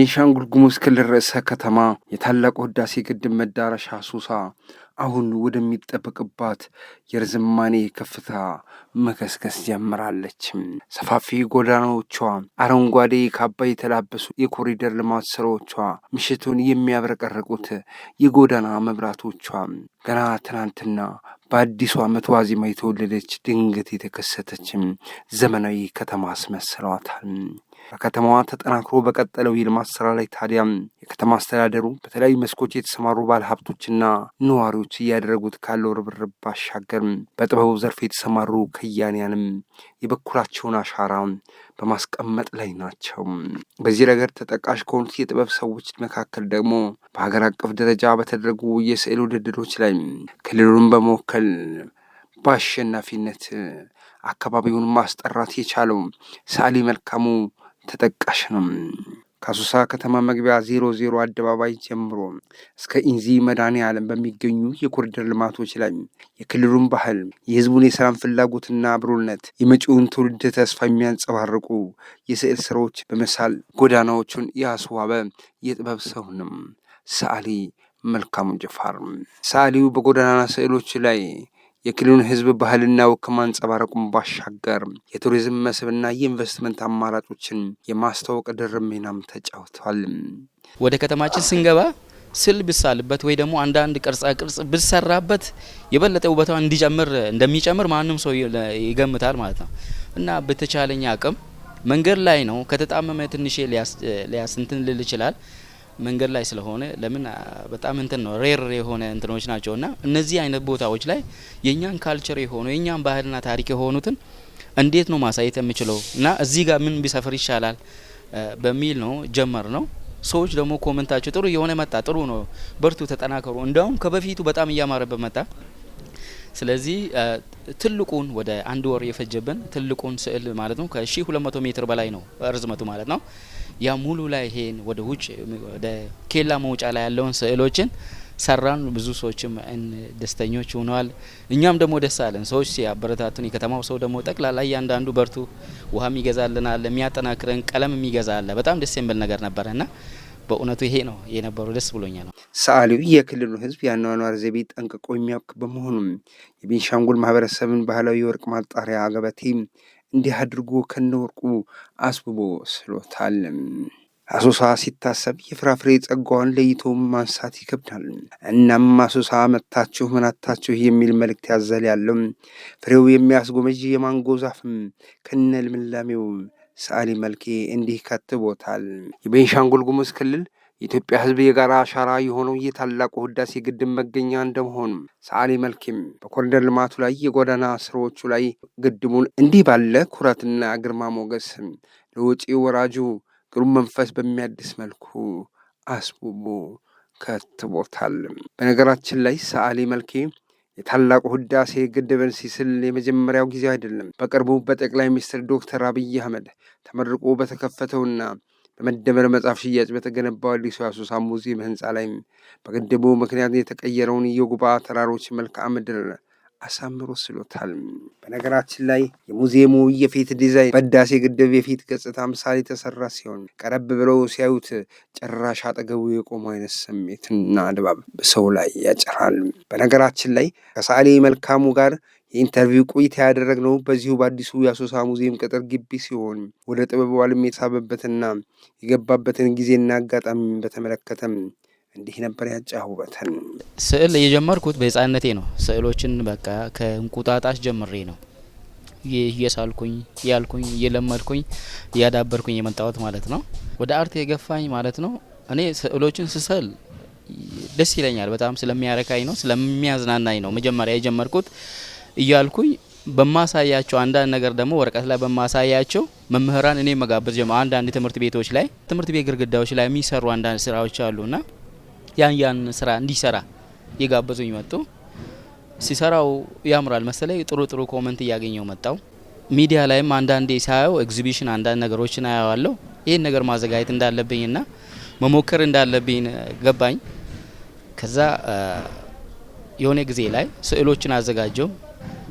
የቤንሻንጉል ጉሙዝ ክልል ርዕሰ ከተማ የታላቁ ህዳሴ ግድብ መዳረሻ ሱሳ አሁን ወደሚጠበቅባት የርዝማኔ ከፍታ መከስከስ ጀምራለች። ሰፋፊ ጎዳናዎቿ፣ አረንጓዴ ካባ የተላበሱ የኮሪደር ልማት ስራዎቿ፣ ምሽቱን የሚያብረቀርቁት የጎዳና መብራቶቿ ገና ትናንትና በአዲሱ ዓመት ዋዜማ የተወለደች ድንገት የተከሰተች ዘመናዊ ከተማ አስመስለዋታል። በከተማዋ ተጠናክሮ በቀጠለው የልማት ስራ ላይ ታዲያ የከተማ አስተዳደሩ በተለያዩ መስኮች የተሰማሩ ባለሀብቶችና ሀብቶችና ነዋሪዎች እያደረጉት ካለው ርብርብ ባሻገር በጥበቡ ዘርፍ የተሰማሩ ከያንያንም የበኩላቸውን አሻራ በማስቀመጥ ላይ ናቸው። በዚህ ረገድ ተጠቃሽ ከሆኑት የጥበብ ሰዎች መካከል ደግሞ በሀገር አቀፍ ደረጃ በተደረጉ የስዕል ውድድሮች ላይ ክልሉን በመወከል በአሸናፊነት አካባቢውን ማስጠራት የቻለው ሰዓሊ መልካሙ ተጠቃሽ ነው። ከሱሳ ከተማ መግቢያ ዜሮ ዜሮ አደባባይ ጀምሮ እስከ ኢንዚ መድኃኔ ዓለም በሚገኙ የኮሪደር ልማቶች ላይ የክልሉን ባህል፣ የህዝቡን የሰላም ፍላጎትና አብሮነት የመጪውን ትውልድ ተስፋ የሚያንጸባርቁ የስዕል ስራዎች በመሳል ጎዳናዎቹን ያስዋበ የጥበብ ሰውንም ሰዓሊ መልካሙ ጀፋር ሰዓሊው በጎዳና ስዕሎች ላይ የክልሉን ህዝብ ባህልና ወግ ከማንጸባረቁም ባሻገር የቱሪዝም መስህብና የኢንቨስትመንት አማራጮችን የማስተዋወቅ ድርብ ሚናም ተጫውቷል። ወደ ከተማችን ስንገባ ስል ብሳልበት ወይ ደግሞ አንዳንድ ቅርጻ ቅርጽ ብሰራበት የበለጠ ውበቷ እንዲጨምር እንደሚጨምር ማንም ሰው ይገምታል ማለት ነው እና በተቻለኝ አቅም መንገድ ላይ ነው ከተጣመመ ትንሽ ሊያስንትን ልል ይችላል መንገድ ላይ ስለሆነ ለምን በጣም እንትን ነው ሬር የሆነ እንትኖች ናቸው እና እነዚህ አይነት ቦታዎች ላይ የእኛን ካልቸር የሆኑ የእኛን ባህልና ታሪክ የሆኑትን እንዴት ነው ማሳየት የምችለው እና እዚህ ጋር ምን ቢሰፍር ይሻላል በሚል ነው ጀመር ነው። ሰዎች ደግሞ ኮመንታቸው ጥሩ የሆነ መጣ፣ ጥሩ ነው፣ በርቱ፣ ተጠናከሩ። እንዲያውም ከበፊቱ በጣም እያማረበት መጣ። ስለዚህ ትልቁን ወደ አንድ ወር የፈጀብን ትልቁን ስዕል ማለት ነው ከ1200 ሜትር በላይ ነው ርዝመቱ ማለት ነው። ያ ሙሉ ላይ ይሄን ወደ ውጭ ወደ ኬላ መውጫ ላይ ያለውን ስዕሎችን ሰራን። ብዙ ሰዎችም ደስተኞች ሆነዋል። እኛም ደግሞ ደስ አለን። ሰዎች ሲያበረታቱን፣ የከተማው ሰው ደግሞ ጠቅላላ እያንዳንዱ በርቱ፣ ውሃም ይገዛልናል፣ የሚያጠናክረን ቀለም የሚገዛ አለ። በጣም ደስ የሚል ነገር ነበረ እና በእውነቱ ይሄ ነው የነበሩ ደስ ነው። ሰዓሊው የክልሉ ህዝብ የአኗኗር ዘይቤ ጠንቅቆ የሚያውቅ በመሆኑም የቤንሻንጉል ማህበረሰብን ባህላዊ የወርቅ ማጣሪያ ገበቴ እንዲህ አድርጎ ከነወርቁ አስብቦ ስሎታል። አሶሳ ሲታሰብ የፍራፍሬ ጸጋዋን ለይቶ ማንሳት ይከብዳል። እናም አሶሳ መታችሁ ምናታችሁ የሚል መልእክት ያዘል ያለው ፍሬው የሚያስጎመጅ የማንጎ ዛፍም ከነ ልምላሜው ሰዓሊ መልኬ እንዲህ ከትቦታል። የቤንሻንጉል ጉሙዝ ክልል የኢትዮጵያ ሕዝብ የጋራ አሻራ የሆነው የታላቁ ህዳሴ ግድብ መገኛ እንደመሆኑ ሰዓሊ መልኬም በኮሪደር ልማቱ ላይ የጎዳና ስራዎቹ ላይ ግድቡን እንዲህ ባለ ኩራትና ግርማ ሞገስ ለውጪ ወራጁ ግሩም መንፈስ በሚያድስ መልኩ አስቡቡ ከትቦታል። በነገራችን ላይ ሰዓሊ መልኬ የታላቁ ህዳሴ ግድብን ሲስል የመጀመሪያው ጊዜው አይደለም። በቅርቡ በጠቅላይ ሚኒስትር ዶክተር አብይ አህመድ ተመርቆ በተከፈተውና በመደመር መጽሐፍ ሽያጭ በተገነባው አዲሱ የአሶሳ ሙዚየም ህንፃ ላይም በግድቡ ምክንያት የተቀየረውን የጉባ ተራሮች መልክዓ ምድር አሳምሮ ስሎታል። በነገራችን ላይ የሙዚየሙ የፊት ዲዛይን በህዳሴ ግድብ የፊት ገጽታ ምሳሌ የተሰራ ሲሆን ቀረብ ብለው ሲያዩት ጭራሽ አጠገቡ የቆሙ አይነት ስሜትና ድባብ በሰው ላይ ያጭራል። በነገራችን ላይ ከሰዓሊ መልካሙ ጋር የኢንተርቪው ቆይታ ያደረግነው በዚሁ በአዲሱ የአሶሳ ሙዚየም ቅጥር ግቢ ሲሆን ወደ ጥበቡ ዓለም የተሳበበትና የገባበትን ጊዜና አጋጣሚ በተመለከተም እንዲህ ነበር ያጫውበተን። ስዕል የጀመርኩት በህፃንነቴ ነው። ስዕሎችን በቃ ከእንቁጣጣሽ ጀምሬ ነው እየሳልኩኝ ያልኩኝ እየለመድኩኝ እያዳበርኩኝ የመጣሁት ማለት ነው። ወደ አርት የገፋኝ ማለት ነው። እኔ ስዕሎችን ስሰል ደስ ይለኛል። በጣም ስለሚያረካኝ ነው፣ ስለሚያዝናናኝ ነው መጀመሪያ የጀመርኩት እያልኩኝ በማሳያቸው አንዳንድ ነገር ደግሞ ወረቀት ላይ በማሳያቸው መምህራን እኔ መጋበዝ ጀመ አንዳንድ ትምህርት ቤቶች ላይ ትምህርት ቤት ግድግዳዎች ላይ የሚሰሩ አንዳንድ ስራዎች አሉና ያን ያን ስራ እንዲሰራ የጋበዙኝ መጡ። ሲሰራው ያምራል መሰለኝ። ጥሩ ጥሩ ኮመንት እያገኘው መጣው። ሚዲያ ላይም አንዳንዴ ሳየው ኤግዚቢሽን አንዳንድ ነገሮችን አያዋለሁ። ይህን ነገር ማዘጋጀት እንዳለብኝና መሞከር እንዳለብኝ ገባኝ። ከዛ የሆነ ጊዜ ላይ ስዕሎችን አዘጋጀው።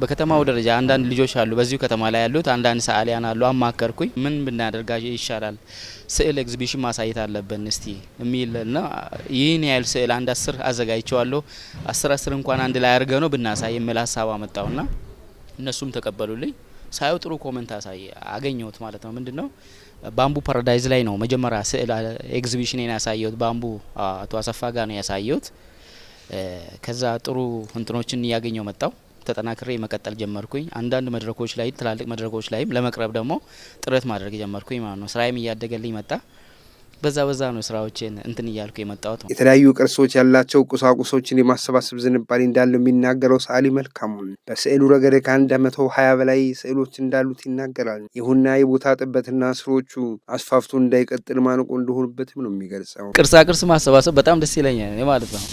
በከተማው ደረጃ አንዳንድ ልጆች አሉ፣ በዚሁ ከተማ ላይ ያሉት አንዳንድ ሰዓሊያን አሉ። አማከርኩኝ ምን ብናደርጋ ይሻላል፣ ስዕል ኤግዚቢሽን ማሳየት አለብን እስቲ የሚል እና ይህን ያህል ስዕል አንድ አስር አዘጋጅቸዋለሁ አስር አስር እንኳን አንድ ላይ አድርገ ነው ብናሳይ የሚል ሀሳብ አመጣውና እነሱም ተቀበሉልኝ። ሳየው ጥሩ ኮመንት አሳየ አገኘሁት ማለት ነው። ምንድን ነው ባምቡ ፓራዳይዝ ላይ ነው መጀመሪያ ስዕል ኤግዚቢሽኔን ያሳየሁት ባምቡ አቶ አሰፋ ጋር ነው ያሳየሁት። ከዛ ጥሩ እንትኖችን እያገኘው መጣው ተጠናክሬ መቀጠል ጀመርኩኝ። አንዳንድ መድረኮች ላይ ትላልቅ መድረኮች ላይም ለመቅረብ ደግሞ ጥረት ማድረግ ጀመርኩኝ ማለት ነው። ስራዬም እያደገልኝ መጣ። በዛ በዛ ነው ስራዎችን እንትን እያልኩ የመጣሁት። የተለያዩ ቅርሶች ያላቸው ቁሳቁሶችን የማሰባሰብ ዝንባሌ እንዳለው የሚናገረው ሰዓሊ መልካሙ በስዕሉ ረገድ ከአንድ መቶ ሀያ በላይ ስዕሎች እንዳሉት ይናገራል። ይሁና የቦታ ጥበትና ስሮቹ አስፋፍቶ እንዳይቀጥል ማነቆ እንደሆኑበትም ነው የሚገልጸው። ቅርሳ ቅርስ ማሰባሰብ በጣም ደስ ይለኛል ማለት ነው።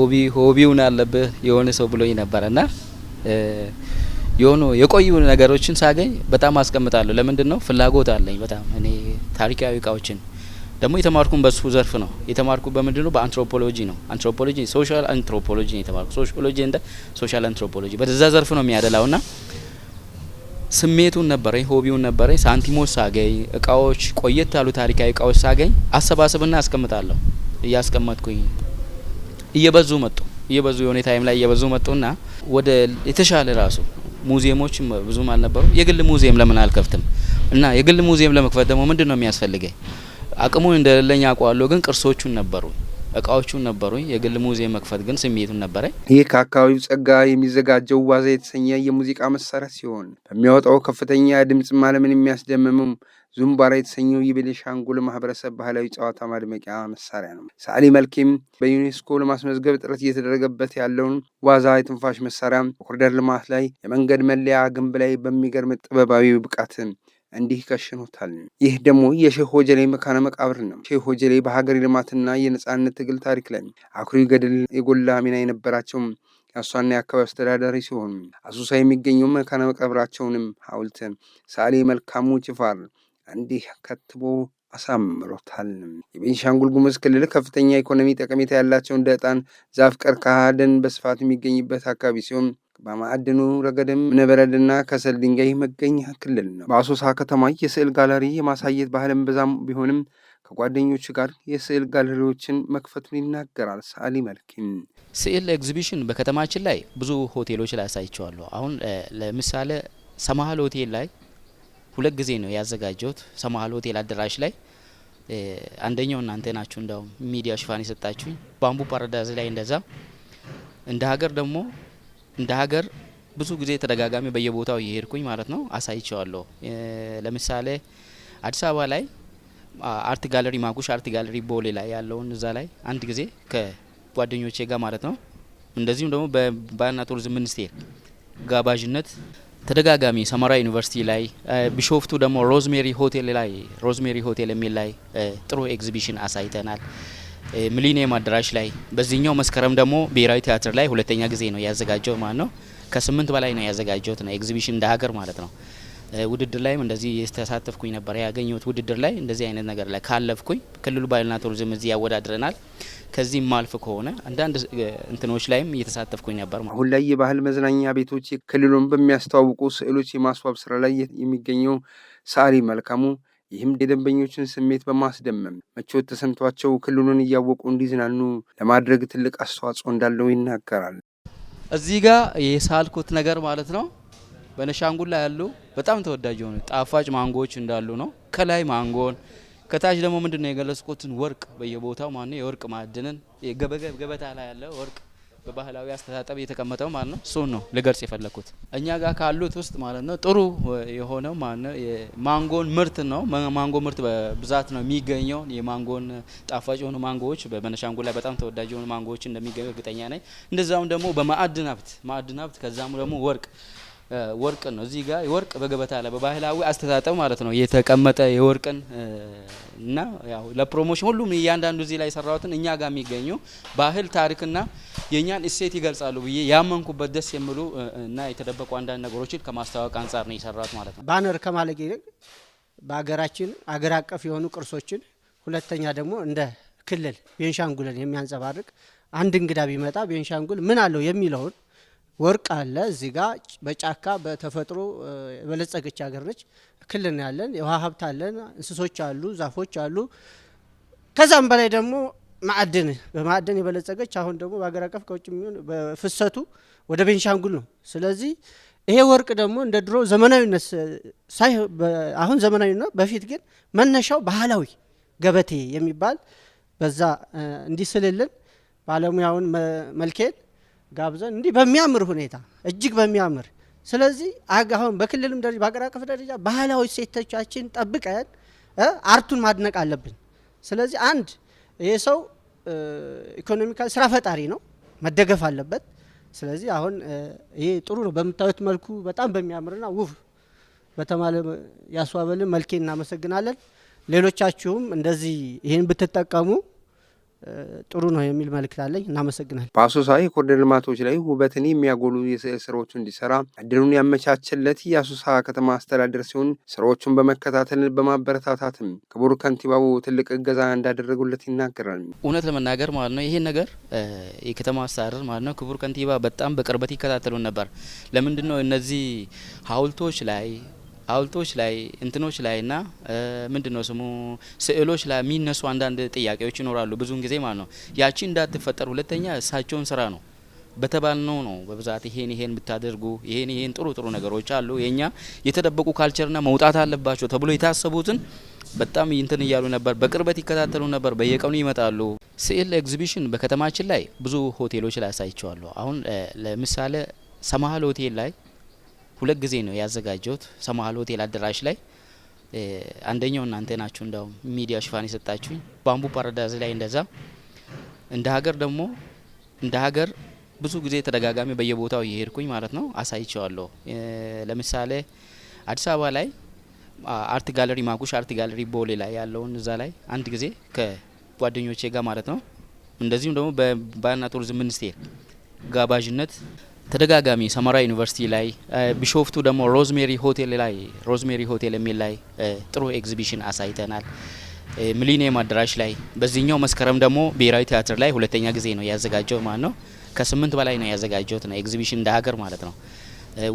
ሆቢ ሆቢውን አለብህ የሆነ ሰው ብሎኝ ነበረና የሆኑ የቆዩ ነገሮችን ሳገኝ በጣም አስቀምጣለሁ። ለምንድን ነው ፍላጎት አለኝ በጣም እኔ ታሪካዊ እቃዎችን ደግሞ የተማርኩን በሱ ዘርፍ ነው የተማርኩ በምንድን ነው በአንትሮፖሎጂ ነው አንትሮፖሎጂ ሶሻል አንትሮፖሎጂ ነው የተማርኩ ሶሻሎጂ እንደ ሶሻል አንትሮፖሎጂ በዛ ዘርፍ ነው የሚያደላው ና ስሜቱን ነበረኝ ሆቢውን ነበረኝ ሳንቲሞች ሳገኝ እቃዎች ቆየት ያሉ ታሪካዊ እቃዎች ሳገኝ አሰባስብና አስቀምጣለሁ እያስቀመጥኩኝ እየበዙ መጡ እየበዙ የሆነ ታይም ላይ እየበዙ መጡና ወደ የተሻለ ራሱ ሙዚየሞች ብዙም አልነበሩ። የግል ሙዚየም ለምን አልከፍትም? እና የግል ሙዚየም ለመክፈት ደግሞ ምንድን ነው የሚያስፈልገኝ? አቅሙን እንደሌለኝ አውቀዋለሁ፣ ግን ቅርሶቹን ነበሩ፣ እቃዎቹን ነበሩ። የግል ሙዚየም መክፈት ግን ስሜቱን ነበረ። ይህ ከአካባቢው ጸጋ የሚዘጋጀው ዋዛ የተሰኘ የሙዚቃ መሳሪያ ሲሆን በሚያወጣው ከፍተኛ ድምፅ ማለምን የሚያስደምምም ዙምባራ የተሰኘው የቤኒሻንጉል ማህበረሰብ ባህላዊ ጨዋታ ማድመቂያ መሳሪያ ነው። ሰዓሊ መልኬም በዩኔስኮ ለማስመዝገብ ጥረት እየተደረገበት ያለውን ዋዛ የትንፋሽ መሳሪያ ኮሪደር ልማት ላይ የመንገድ መለያ ግንብ ላይ በሚገርም ጥበባዊ ብቃት እንዲህ ከሽኖታል። ይህ ደግሞ የሼህ ሆጀሌ መካነ መቃብር ነው። ሼህ ሆጀሌ በሀገር ልማትና የነፃነት ትግል ታሪክ ላይ አኩሪ ገድል የጎላ ሚና የነበራቸው የአሷና የአካባቢ አስተዳዳሪ ሲሆኑ አሶሳ የሚገኘው መካነ መቃብራቸውንም ሐውልት ሰዓሊ መልካሙ ጭፋር እንዲህ ከትቦ አሳምሮታል። የቤንሻንጉል ጉሙዝ ክልል ከፍተኛ ኢኮኖሚ ጠቀሜታ ያላቸው እንደ ዕጣን ዛፍ፣ ቀርከሃ ደን በስፋት የሚገኝበት አካባቢ ሲሆን በማዕድኑ ረገድም እብነበረድና ከሰል ድንጋይ መገኛ ክልል ነው። በአሶሳ ከተማ የስዕል ጋለሪ የማሳየት ባህልም በዛም ቢሆንም ከጓደኞቹ ጋር የስዕል ጋለሪዎችን መክፈቱን ይናገራል። ሰዓሊ መልኪም ስዕል ኤግዚቢሽን በከተማችን ላይ ብዙ ሆቴሎች ላይ አሳይቸዋለሁ። አሁን ለምሳሌ ሰማሃል ሆቴል ላይ ሁለት ጊዜ ነው ያዘጋጀሁት ሰማሃል ሆቴል አዳራሽ ላይ። አንደኛው እናንተ ናችሁ እንዳውም ሚዲያ ሽፋን የሰጣችሁኝ ባምቡ ፓራዳይዝ ላይ እንደዛ። እንደ ሀገር ደግሞ እንደ ሀገር ብዙ ጊዜ ተደጋጋሚ በየቦታው እየሄድኩኝ ማለት ነው አሳይቸዋለሁ። ለምሳሌ አዲስ አበባ ላይ አርት ጋለሪ ማጉሽ አርት ጋለሪ ቦሌ ላይ ያለውን እዛ ላይ አንድ ጊዜ ከጓደኞቼ ጋር ማለት ነው እንደዚሁም ደግሞ በባህልና ቱሪዝም ሚኒስቴር ጋባዥነት ተደጋጋሚ ሰመራ ዩኒቨርሲቲ ላይ ቢሾፍቱ ደግሞ ሮዝሜሪ ሆቴል ላይ ሮዝሜሪ ሆቴል የሚል ላይ ጥሩ ኤግዚቢሽን አሳይተናል። ሚሊኒየም አዳራሽ ላይ በዚህኛው መስከረም ደግሞ ብሔራዊ ቲያትር ላይ ሁለተኛ ጊዜ ነው ያዘጋጀው ማለት ነው። ከስምንት በላይ ነው ያዘጋጀውት ነው ኤግዚቢሽን እንደ ሀገር ማለት ነው። ውድድር ላይም እንደዚህ የተሳተፍኩኝ ነበር። ያገኘሁት ውድድር ላይ እንደዚህ አይነት ነገር ላይ ካለፍኩኝ ክልሉ ባህልና ቱሪዝም እዚህ ያወዳድረናል። ከዚህም ማልፍ ከሆነ አንዳንድ እንትኖች ላይም እየተሳተፍኩኝ ነበር። አሁን ላይ የባህል መዝናኛ ቤቶች ክልሉን በሚያስተዋውቁ ስዕሎች የማስዋብ ስራ ላይ የሚገኘው ሳሪ መልካሙ ይህም የደንበኞችን ስሜት በማስደመም ምቾት ተሰምቷቸው ክልሉን እያወቁ እንዲዝናኑ ለማድረግ ትልቅ አስተዋጽኦ እንዳለው ይናገራል። እዚህ ጋር የሳልኩት ነገር ማለት ነው በነሻንጉል ላይ ያሉ በጣም ተወዳጅ የሆኑ ጣፋጭ ማንጎዎች እንዳሉ ነው። ከላይ ማንጎን ከታች ደግሞ ምንድን ነው የገለጽኩትን ወርቅ በየቦታው ማ የወርቅ ማዕድንን ገበታ ላይ ያለ ወርቅ በባህላዊ አስተጣጠብ እየተቀመጠው ማለት ነው። እሱን ነው ልገልጽ የፈለግኩት። እኛ ጋር ካሉት ውስጥ ማለት ነው ጥሩ የሆነው ማንጎን ምርት ነው። ማንጎ ምርት በብዛት ነው የሚገኘው። የማንጎን ጣፋጭ የሆኑ ማንጎዎች በቤኒሻንጉል ላይ በጣም ተወዳጅ የሆኑ ማንጎዎች እንደሚገኙ እርግጠኛ ነኝ። እንደዛውም ደግሞ በማዕድን ሀብት ማዕድን ሀብት ከዛም ደግሞ ወርቅ ወርቅ ነው። እዚህ ጋር ወርቅ በገበታ ላይ በባህላዊ አስተጣጠብ ማለት ነው የተቀመጠ የወርቅን እና ያው ለፕሮሞሽን ሁሉም እያንዳንዱ እዚህ ላይ የሰራሁትን እኛ ጋር የሚገኙ ባህል ታሪክና የእኛን እሴት ይገልጻሉ ብዬ ያመንኩበት ደስ የሚሉ እና የተደበቁ አንዳንድ ነገሮችን ከማስተዋወቅ አንጻር ነው የሰራት ማለት ነው። ባነር ከማለቅ ይልቅ በሀገራችን አገር አቀፍ የሆኑ ቅርሶችን ሁለተኛ ደግሞ እንደ ክልል ቤንሻንጉልን የሚያንጸባርቅ አንድ እንግዳ ቢመጣ ቤንሻንጉል ምን አለው የሚለውን ወርቅ አለ እዚህ ጋ በጫካ በተፈጥሮ የበለጸገች ሀገር ነች። ክልን ያለን የውሃ ሀብት አለን፣ እንስሶች አሉ፣ ዛፎች አሉ። ከዛም በላይ ደግሞ ማዕድን በማዕድን የበለጸገች አሁን ደግሞ በሀገር አቀፍ ከውጭ የሚሆን በፍሰቱ ወደ ቤንሻንጉል ነው። ስለዚህ ይሄ ወርቅ ደግሞ እንደ ድሮ ዘመናዊነት ሳይ አሁን ነው። በፊት ግን መነሻው ባህላዊ ገበቴ የሚባል በዛ እንዲስልልን ባለሙያውን መልኬን ጋብዘን እንዲህ በሚያምር ሁኔታ እጅግ በሚያምር ስለዚህ አሁን በክልልም ደረጃ በአገር አቀፍ ደረጃ ባህላዊ ሴቶቻችን ጠብቀን አርቱን ማድነቅ አለብን። ስለዚህ አንድ ይሄ ሰው ኢኮኖሚካል ስራ ፈጣሪ ነው፣ መደገፍ አለበት። ስለዚህ አሁን ይሄ ጥሩ ነው። በምታዩት መልኩ በጣም በሚያምርና ውብ በተማለ ያስዋበልን መልኬ እናመሰግናለን። ሌሎቻችሁም እንደዚህ ይህን ብትጠቀሙ ጥሩ ነው የሚል መልእክት አለኝ። እናመሰግናል። በአሶሳ የኮሪደር ልማቶች ላይ ውበትን የሚያጎሉ የስዕል እንዲሰራ እድሉን ያመቻችለት የአሶሳ ከተማ አስተዳደር ሲሆን ስራዎቹን በመከታተል በማበረታታትም ክቡር ከንቲባቡ ትልቅ እገዛ እንዳደረጉለት ይናገራል። እውነት ለመናገር ማለት ነው ይሄን ነገር የከተማ አስተዳደር ማለት ነው ክቡር ከንቲባ በጣም በቅርበት ይከታተሉን ነበር። ለምንድን ነው እነዚህ ሀውልቶች ላይ ሀውልቶች ላይ እንትኖች ላይ ና ምንድ ነው ስሙ ስዕሎች ላይ የሚነሱ አንዳንድ ጥያቄዎች ይኖራሉ። ብዙውን ጊዜ ማለት ነው ያቺ እንዳትፈጠር። ሁለተኛ እሳቸውን ስራ ነው በተባልነው ነው በብዛት ይሄን ይሄን ብታደርጉ ይሄን ይሄን ጥሩ ጥሩ ነገሮች አሉ የኛ የተደበቁ ካልቸርና መውጣት አለባቸው ተብሎ የታሰቡትን በጣም እንትን እያሉ ነበር። በቅርበት ይከታተሉ ነበር። በየቀኑ ይመጣሉ። ስዕል ኤግዚቢሽን በከተማችን ላይ ብዙ ሆቴሎች ላይ አሳይቸዋለሁ። አሁን ለምሳሌ ሰማሃል ሆቴል ላይ ሁለት ጊዜ ነው ያዘጋጀሁት ሰማሃል ሆቴል አዳራሽ ላይ። አንደኛው እናንተ ናችሁ እንደውም ሚዲያ ሽፋን የሰጣችሁኝ ባምቡ ፓራዳይዝ ላይ እንደዛ። እንደ ሀገር ደግሞ እንደ ሀገር ብዙ ጊዜ ተደጋጋሚ በየቦታው እየሄድኩኝ ማለት ነው አሳይቸዋለሁ። ለምሳሌ አዲስ አበባ ላይ አርት ጋለሪ ማጉሽ አርት ጋለሪ ቦሌ ላይ ያለውን እዛ ላይ አንድ ጊዜ ከጓደኞቼ ጋር ማለት ነው እንደዚሁም ደግሞ በባህልና ቱሪዝም ሚኒስቴር ጋባዥነት ተደጋጋሚ ሰመራ ዩኒቨርሲቲ ላይ ቢሾፍቱ ደግሞ ሮዝሜሪ ሆቴል ላይ ሮዝሜሪ ሆቴል የሚል ላይ ጥሩ ኤግዚቢሽን አሳይተናል። ሚሊኒየም አዳራሽ ላይ በዚህኛው መስከረም ደግሞ ብሔራዊ ቲያትር ላይ ሁለተኛ ጊዜ ነው ያዘጋጀው ማለት ነው። ከስምንት በላይ ነው ያዘጋጀሁት ነው ኤግዚቢሽን እንደ ሀገር ማለት ነው።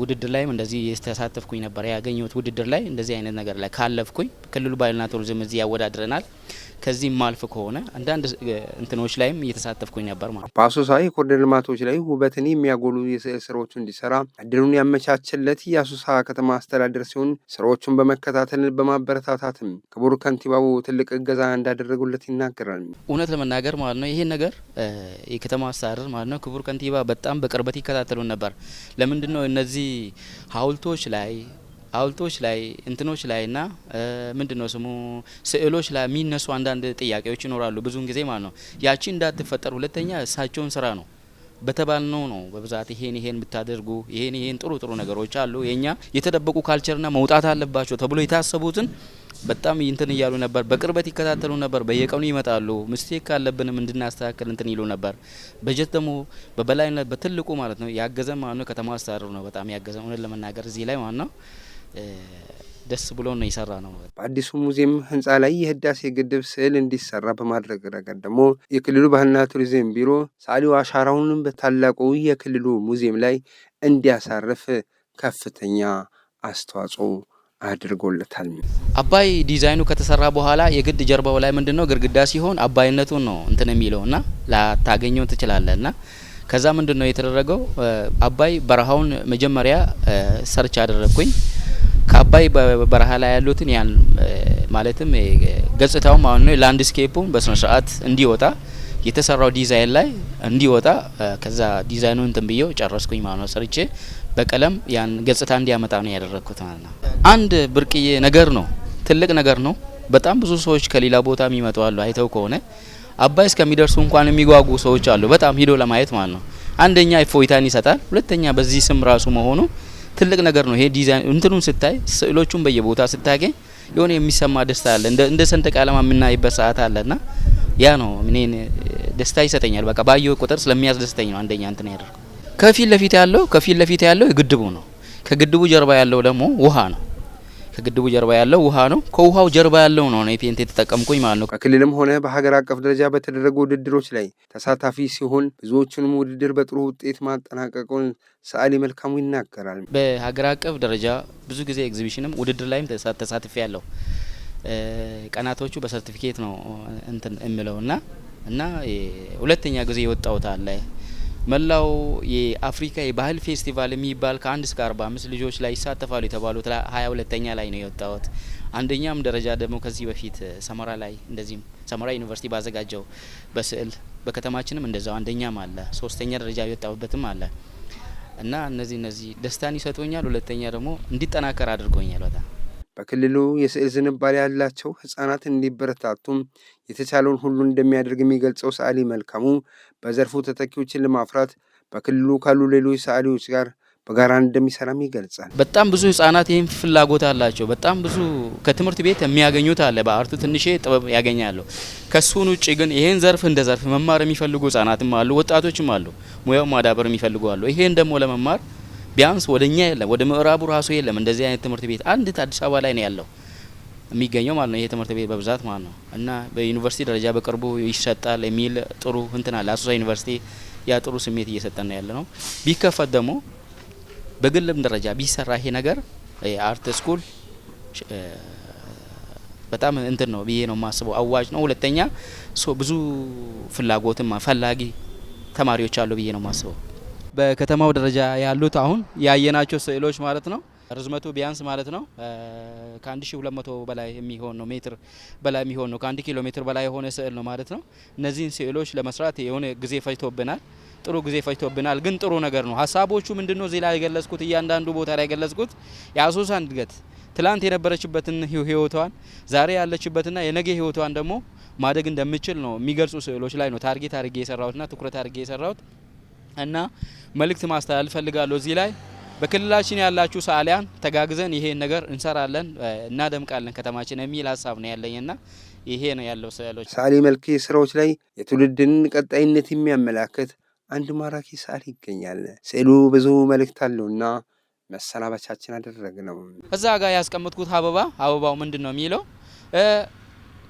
ውድድር ላይም እንደዚህ የተሳተፍኩኝ ነበር። ያገኘሁት ውድድር ላይ እንደዚህ አይነት ነገር ላይ ካለፍኩኝ ክልሉ ባህልና ቱሪዝም እዚህ ያወዳድረናል። ከዚህ ማልፍ ከሆነ አንዳንድ እንትኖች ላይም እየተሳተፍኩኝ ነበር ማለት። በአሶሳ የኮሪደር ልማቶች ላይ ውበትን የሚያጎሉ የስዕል ስራዎች እንዲሰራ እድሉን ያመቻቸለት የአሶሳ ከተማ አስተዳደር ሲሆን ስራዎቹን በመከታተል በማበረታታትም ክቡር ከንቲባቡ ትልቅ እገዛ እንዳደረጉለት ይናገራል። እውነት ለመናገር ማለት ነው ይሄን ነገር የከተማ አስተዳደር ማለት ነው ክቡር ከንቲባ በጣም በቅርበት ይከታተሉን ነበር። ለምንድን ነው እነዚህ ሀውልቶች ላይ ሀውልቶች ላይ እንትኖች ላይ ና ምንድ ነው ስሙ ስዕሎች ላይ የሚነሱ አንዳንድ ጥያቄዎች ይኖራሉ። ብዙውን ጊዜ ማለት ነው ያቺ እንዳትፈጠር። ሁለተኛ እሳቸውን ስራ ነው በተባልነው ነው በብዛት ይሄን ይሄን ብታደርጉ ይሄን ይሄን ጥሩ ጥሩ ነገሮች አሉ የኛ የተደበቁ ካልቸርና መውጣት አለባቸው ተብሎ የታሰቡትን በጣም እንትን እያሉ ነበር። በቅርበት ይከታተሉ ነበር። በየቀኑ ይመጣሉ። ምስቴክ ካለብንም እንድናስተካከል እንትን ይሉ ነበር። በጀት ደግሞ በበላይነት በትልቁ ማለት ነው ያገዘ ማለት ነው ከተማ አስተዳደሩ ነው በጣም ያገዘ እውነት ለመናገር እዚህ ላይ ማለት ነው ደስ ብሎ ነው የሰራ ነው። በአዲሱ ሙዚየም ህንፃ ላይ የህዳሴ ግድብ ስዕል እንዲሰራ በማድረግ ረገድ ደግሞ የክልሉ ባህልና ቱሪዝም ቢሮ ሳሊው አሻራውንም በታላቁ የክልሉ ሙዚየም ላይ እንዲያሳርፍ ከፍተኛ አስተዋጽኦ አድርጎለታል። አባይ ዲዛይኑ ከተሰራ በኋላ የግድ ጀርባው ላይ ምንድን ነው ግርግዳ ሲሆን አባይነቱን ነው እንትን የሚለው እና ላታገኘው ትችላለ እና ከዛ ምንድን ነው የተደረገው አባይ በረሃውን መጀመሪያ ሰርች አደረግኩኝ አባይ በበረሃ ላይ ያሉትን ያን ማለትም ገጽታውም አሁን ነው ላንድስኬፑም በስነ ስርዓት እንዲወጣ የተሰራው ዲዛይን ላይ እንዲወጣ ከዛ ዲዛይኑ እንትን ብዬው ጨረስኩኝ ማለት ነው። ሰርቼ በቀለም ያን ገጽታ እንዲያመጣ ነው ያደረግኩት ማለት ነው። አንድ ብርቅዬ ነገር ነው፣ ትልቅ ነገር ነው። በጣም ብዙ ሰዎች ከሌላ ቦታ የሚመጡ አሉ። አይተው ከሆነ አባይ እስከሚደርሱ እንኳን የሚጓጉ ሰዎች አሉ። በጣም ሂዶ ለማየት ማለት ነው። አንደኛ ፎይታን ይሰጣል፣ ሁለተኛ በዚህ ስም ራሱ መሆኑ ትልቅ ነገር ነው ይሄ ዲዛይን እንትኑን ስታይ ስዕሎቹን በየቦታ ስታገኝ የሆነ የሚሰማ ደስታ አለ። እንደ ሰንደቅ ዓላማ የምናይበት ሰዓት አለና ያ ነው እኔን ደስታ ይሰጠኛል። በቃ ባየው ቁጥር ስለሚያስደስተኝ ነው አንደኛ እንትን ያደርገው። ከፊት ለፊት ያለው ከፊት ለፊት ያለው ግድቡ ነው። ከግድቡ ጀርባ ያለው ደግሞ ውሃ ነው። ከግድቡ ጀርባ ያለው ውሃ ነው። ከውሃው ጀርባ ያለው ነው ነው ፔንት የተጠቀምኩኝ ማለት ነው። በክልልም ሆነ በሀገር አቀፍ ደረጃ በተደረጉ ውድድሮች ላይ ተሳታፊ ሲሆን ብዙዎቹንም ውድድር በጥሩ ውጤት ማጠናቀቁን ሰዓሊ መልካሙ ይናገራል። በሀገር አቀፍ ደረጃ ብዙ ጊዜ ኤግዚቢሽንም ውድድር ላይም ተሳትፌ ያለው ቀናቶቹ በሰርቲፊኬት ነው እንትን የምለው እና እና ሁለተኛ ጊዜ የወጣውታለ መላው የአፍሪካ የባህል ፌስቲቫል የሚባል ከአንድ እስከ አርባ አምስት ልጆች ላይ ይሳተፋሉ የተባሉት ሀያ ሁለተኛ ላይ ነው የወጣሁት። አንደኛም ደረጃ ደግሞ ከዚህ በፊት ሰመራ ላይ እንደዚህም ሰመራ ዩኒቨርሲቲ ባዘጋጀው በስዕል በከተማችንም እንደዛው አንደኛም አለ ሶስተኛ ደረጃ የወጣሁበትም አለ እና እነዚህ እነዚህ ደስታን ይሰጡኛል። ሁለተኛ ደግሞ እንዲጠናከር አድርጎኛል በጣም በክልሉ የስዕል ዝንባሌ ያላቸው ህጻናት እንዲበረታቱም የተቻለውን ሁሉ እንደሚያደርግ የሚገልጸው ሰዓሊ መልካሙ በዘርፉ ተተኪዎችን ለማፍራት በክልሉ ካሉ ሌሎች ሰዓሊዎች ጋር በጋራ እንደሚሰራም ይገልጻል። በጣም ብዙ ህጻናት ይህን ፍላጎት አላቸው። በጣም ብዙ ከትምህርት ቤት የሚያገኙት አለ። በአርቱ ትንሽ ጥበብ ያገኛሉ። ከሱን ውጭ ግን ይህን ዘርፍ እንደ ዘርፍ መማር የሚፈልጉ ህጻናትም አሉ፣ ወጣቶችም አሉ፣ ሙያው ማዳበር የሚፈልጉ አሉ። ይሄን ደግሞ ለመማር ቢያንስ ወደ እኛ የለም፣ ወደ ምዕራቡ ራሱ የለም። እንደዚህ አይነት ትምህርት ቤት አንድ አዲስ አበባ ላይ ነው ያለው የሚገኘው ማለት ነው። ይሄ ትምህርት ቤት በብዛት ማለት ነው እና በዩኒቨርሲቲ ደረጃ በቅርቡ ይሰጣል የሚል ጥሩ እንትን ለአሶሳ ዩኒቨርሲቲ ያ ጥሩ ስሜት እየሰጠ ነው ያለ ነው። ቢከፈት ደግሞ በግልም ደረጃ ቢሰራ ይሄ ነገር አርት ስኩል በጣም እንትን ነው ብዬ ነው የማስበው። አዋጭ ነው። ሁለተኛ ብዙ ፍላጎትም ፈላጊ ተማሪዎች አሉ ብዬ ነው የማስበው። በከተማው ደረጃ ያሉት አሁን ያየናቸው ስዕሎች ማለት ነው ርዝመቱ ቢያንስ ማለት ነው ከ1200 በላይ የሚሆን ነው ሜትር በላይ የሚሆን ነው ከ1 ኪሎ ሜትር በላይ የሆነ ስዕል ነው ማለት ነው። እነዚህን ስዕሎች ለመስራት የሆነ ጊዜ ፈጅቶብናል። ጥሩ ጊዜ ፈጅቶብናል፣ ግን ጥሩ ነገር ነው። ሀሳቦቹ ምንድነው? እዚህ ላይ የገለጽኩት እያንዳንዱ ቦታ ላይ የገለጽኩት የአሶሳን እድገት ትላንት የነበረችበትን ህይወቷን ዛሬ ያለችበትና የነገ ህይወቷን ደግሞ ማደግ እንደምችል ነው የሚገልጹ ስዕሎች ላይ ነው ታርጌት አድርጌ የሰራሁትና ትኩረት አድርጌ የሰራሁት እና መልእክት ማስተላለፍ ፈልጋለሁ እዚህ ላይ በክልላችን ያላችሁ ሰዓሊያን ተጋግዘን ይሄን ነገር እንሰራለን እናደምቃለን ከተማችን የሚል ሀሳብ ነው ያለኝና ይሄ ነው ያለው። ስዕሎች ሰዓሊ መልክ ስራዎች ላይ የትውልድን ቀጣይነት የሚያመላክት አንድ ማራኪ ሰዓሊ ይገኛል። ስዕሉ ብዙ መልእክት አለውና መሰናበቻችን አደረግ ነው። እዛ ጋር ያስቀመጥኩት አበባ አበባው ምንድን ነው የሚለው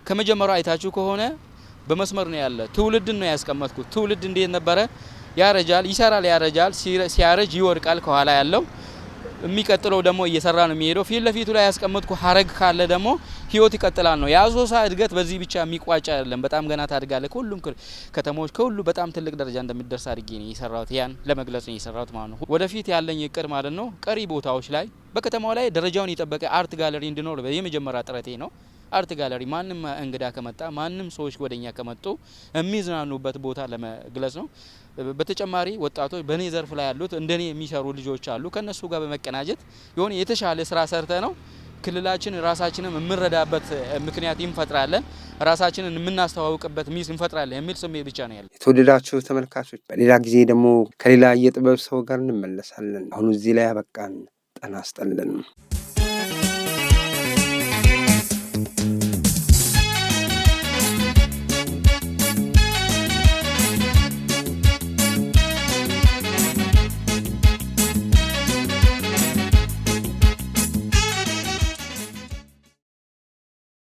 ከመጀመሪያው አይታችሁ ከሆነ በመስመር ነው ያለ ትውልድን ነው ያስቀመጥኩት። ትውልድ እንዴት ነበረ ያረጃል፣ ይሰራል፣ ያረጃል፣ ሲያረጅ ይወድቃል። ከኋላ ያለው የሚቀጥለው ደግሞ እየሰራ ነው የሚሄደው። ፊት ለፊቱ ላይ ያስቀመጥኩ ሀረግ ካለ ደግሞ ህይወት ይቀጥላል ነው። የአሶሳ እድገት በዚህ ብቻ የሚቋጭ አይደለም። በጣም ገና ታድጋለ። ከሁሉም ከተሞች ከሁሉ በጣም ትልቅ ደረጃ እንደሚደርስ አድርጌ ነው የሰራሁት። ያን ለመግለጽ ነው የሰራሁት ማለት ነው። ወደፊት ያለኝ እቅድ ማለት ነው ቀሪ ቦታዎች ላይ በከተማው ላይ ደረጃውን የጠበቀ አርት ጋለሪ እንዲኖር የመጀመሪያ ጥረቴ ነው። አርት ጋለሪ ማንም እንግዳ ከመጣ ማንም ሰዎች ወደኛ ከመጡ የሚዝናኑበት ቦታ ለመግለጽ ነው። በተጨማሪ ወጣቶች በእኔ ዘርፍ ላይ ያሉት እንደኔ የሚሰሩ ልጆች አሉ። ከነሱ ጋር በመቀናጀት የሆነ የተሻለ ስራ ሰርተ ነው ክልላችን ራሳችንም የምንረዳበት ምክንያት እንፈጥራለን፣ ራሳችንን የምናስተዋውቅበት ሚስ እንፈጥራለን የሚል ስሜት ብቻ ነው ያለ። የተወደዳችሁ ተመልካቾች፣ በሌላ ጊዜ ደግሞ ከሌላ የጥበብ ሰው ጋር እንመለሳለን። አሁኑ እዚህ ላይ አበቃን። ጤና ይስጥልን።